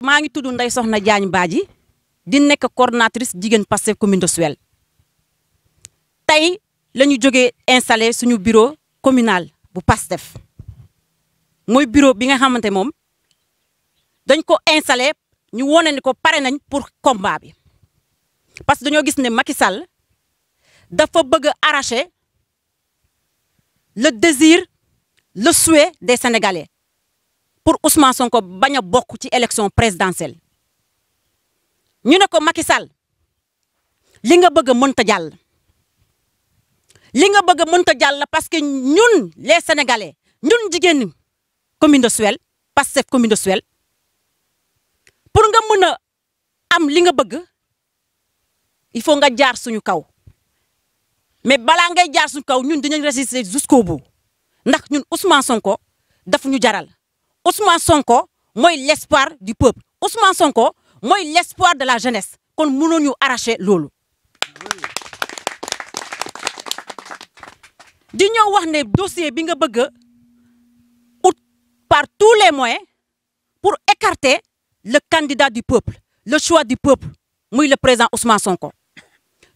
maa ngi tudd Ndeye Soxna Diagne Badji di nekk coordonnatrice jigéen Pastef commune de Suel tey la ñu jógee installé suñu biro communal bu Pastef mooy biro bi nga xamante moom dañ ko installer ñu wone ni ko pare nañ pour combat bi parce que dañoo gis ne Macky Sall dafa bëgg a arracher le désir le souhait des Sénégalais pour Ousmane Sonko baña a ci élection présidentielle ñu ne ko Macky Sall li nga bëgg a mënta jall li nga bëgg mënta jall parce que ñun les sénégalais ñun jigéen commune de Suel que commune de Suel pour nga mëna am li nga bëgg il faut nga jaar suñu kaw mais bala ngay jaar suñu kaw ñun dinañ résister jusqu'au bout ndax ñun Ousmane Sonko daf ñu jaral Ousmane Sonko moi l'espoir du peuple Ousmane Sonko moi l'espoir de la jeunesse kon mënoo ñu arracher loolu. di ñoo ne dossier bi nga bëgg par tous les moyens pour écarter le candidat du peuple le choix du peuple moi le président Ousmane Sonko.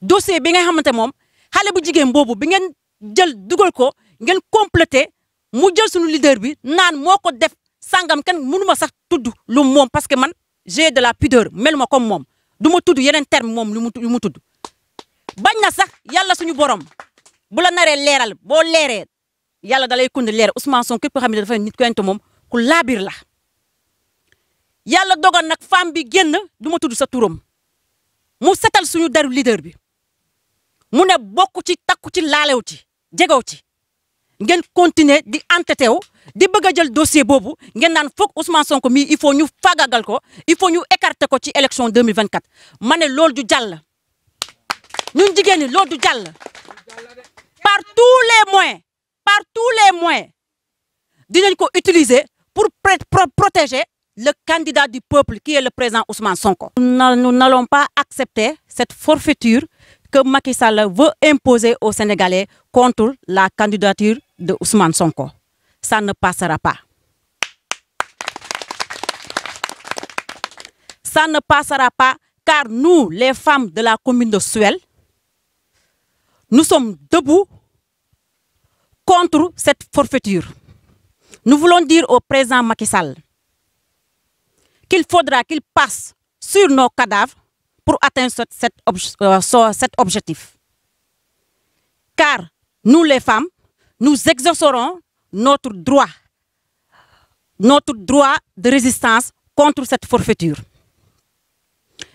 dossier bi nga xamante mom, xale bu jigéen boobu bi ngeen complété mu jël leader bi naan def sangam kan mënuma sax tudd lu mom parce que man j'ai de la pudeur mel ma comme mom duma ma tudd yeneen terme mom lu mu lu tudd bañ na sax yalla suñu borom bu la naré léral bo léré yalla dalay lay kundi Ousmane son képp koo xam dafa nit koyante mom ku labir la yalla dogon nak femme bi génn duma ma tudd sa turam mu setal suñu daru leader bi mu ne bokku ci takku ci laalew ci jegew ci ngeen continuer di entêté di bëgg a jël dossier boobu ngeen naan foog Ousmane Sonko mii il faut ñu fagagal ko il faut ñu écarter ko ci élection 2024 ma ne loolu du jàll ñun jigéen ñi loolu du jàll par tous les moyens par tous les moyens dinañ ko utiliser pour protéger le candidat du peuple qui est le président Ousmane Sonko. Nous n'allons pas accepter cette forfaiture que Macky Sall veut imposer aux Sénégalais contre la candidature de Ousmane Sonko ça ne passera pas. Ça ne passera pas car nous, les femmes de la commune de Suel, nous sommes debout contre cette forfaiture. Nous voulons dire au président Macky Sall qu'il faudra qu'il passe sur nos cadavres pour atteindre cet, euh, cet objectif. Car nous, les femmes, nous exaucerons notre droit, notre droit de résistance contre cette forfaiture.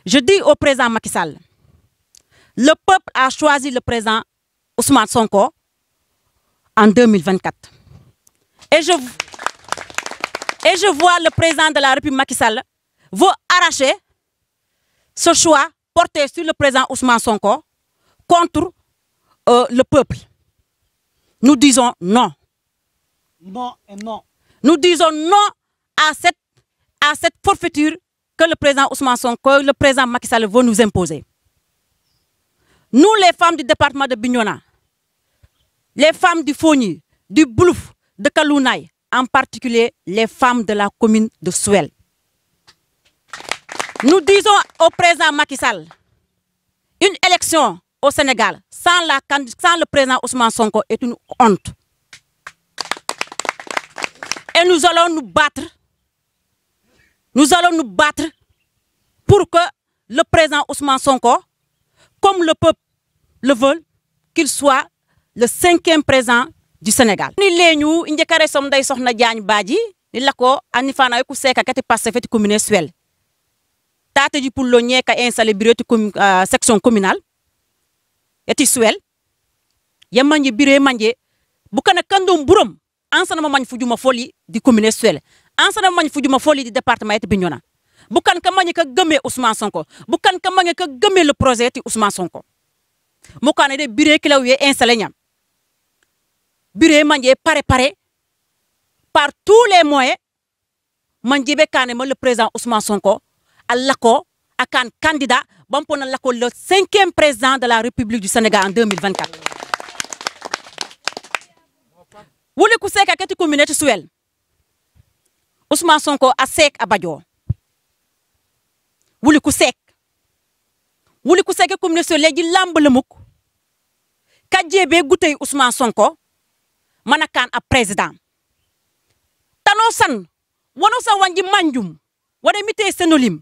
Je dis au président Macky Sall, le peuple a choisi le président Ousmane Sonko en 2024. Et je, et je vois le président de la République Macky Sall vous arracher ce choix porté sur le président Ousmane Sonko contre euh, le peuple. Nous disons non. Non et non. Nous disons non à cette, à forfaiture que le président Ousmane Sonko, le président Macky Sall veut nous imposer. Nous, les femmes du département de Bignona, les femmes du Fogny, du Blouf, de Kalounaï, en particulier les femmes de la commune de Suel. Nous disons au président Macky Sall, une élection au Sénégal sans, sans le président Ousmane Sonko est une honte. Et nous allons nous battre. Nous allons nous battre pour que le président Ousmane Sonko, comme le peuple le veut, qu'il soit le cinquième président du Sénégal. Nous avons dit que nous avons dit que nous avons dit Suelle. nous avons tateji pullo ñeka installé bureau ti euh, section communale yati suel yamanje bureau manje bukana kandum burom ansanama mañ fujuma folie di commune Suel fujuma folie di département ti Bignona bukan ka mañi ka gemé Ousmane Sonko bukan ka mañi ka gemé le projet ti Ousmane Sonko mukane de bire kilaw clavier installé ñam bire manje pare pare par tous les moyens manje be kané ma le président Ousmane Sonko alako akan candidat bampona lako le cinquième président de la République du Sénégal en 2024 wuli ku kuseka keti kumine ti suwel usman sonko a a abajo wuli ku kusek wuli ku kuseke kumine suwel leji lamb lambulemuk ka jebe gutey usman sonko mana kan a president tano san wono san wanji manjum wade mite senolim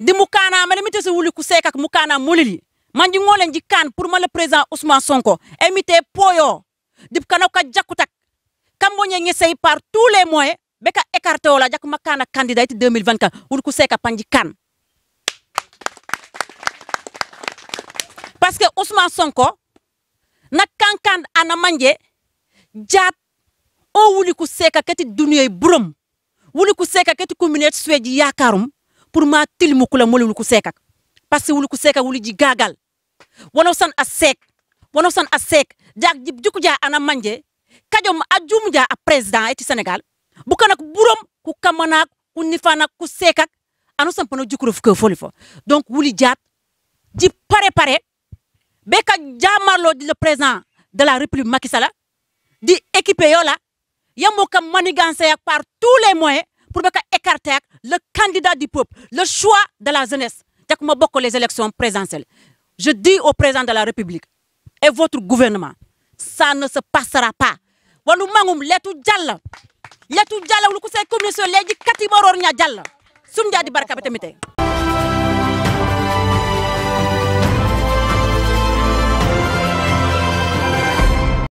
di mukana made mite se wuli ku kuseka mukana molili manji ngolen ji kan pour mala president usman sonko emite poyo dip kanoka jakku yenye sey par tous les moyens beka écarté ola jakuma kana candidate 2024 ulku seka panji kan parce que Ousmane Sonko na kankan ana manje jaat o wuli ku seka kati duniya burum wuli ku seka kati communauté sueji yakarum pour ma tilmu kula mole wuli ku seka parce que wuli ku seka wuli ji gagal wono san a sek wono san a sek jak jib jukuja ana manje kajom a jumja a president e ti sénégal bukana ko burom ku kamana ku nifana ku sekak anu sampano jukuru fuke folifo donc wuli jat di pare pare be ka le président de la république Macky Sall di équiper yo la yambo ka par tous les moyens pour beka écarter le candidat du peuple le choix de la jeunesse tek ma bokk les élections présidentielles je dis au président de la république et votre gouvernement ça ne se passera pas wanu mangum leetu jalla leetu jalla wulu kusay communauté leeji katimoror ñaa jalla sum jadi barka batamite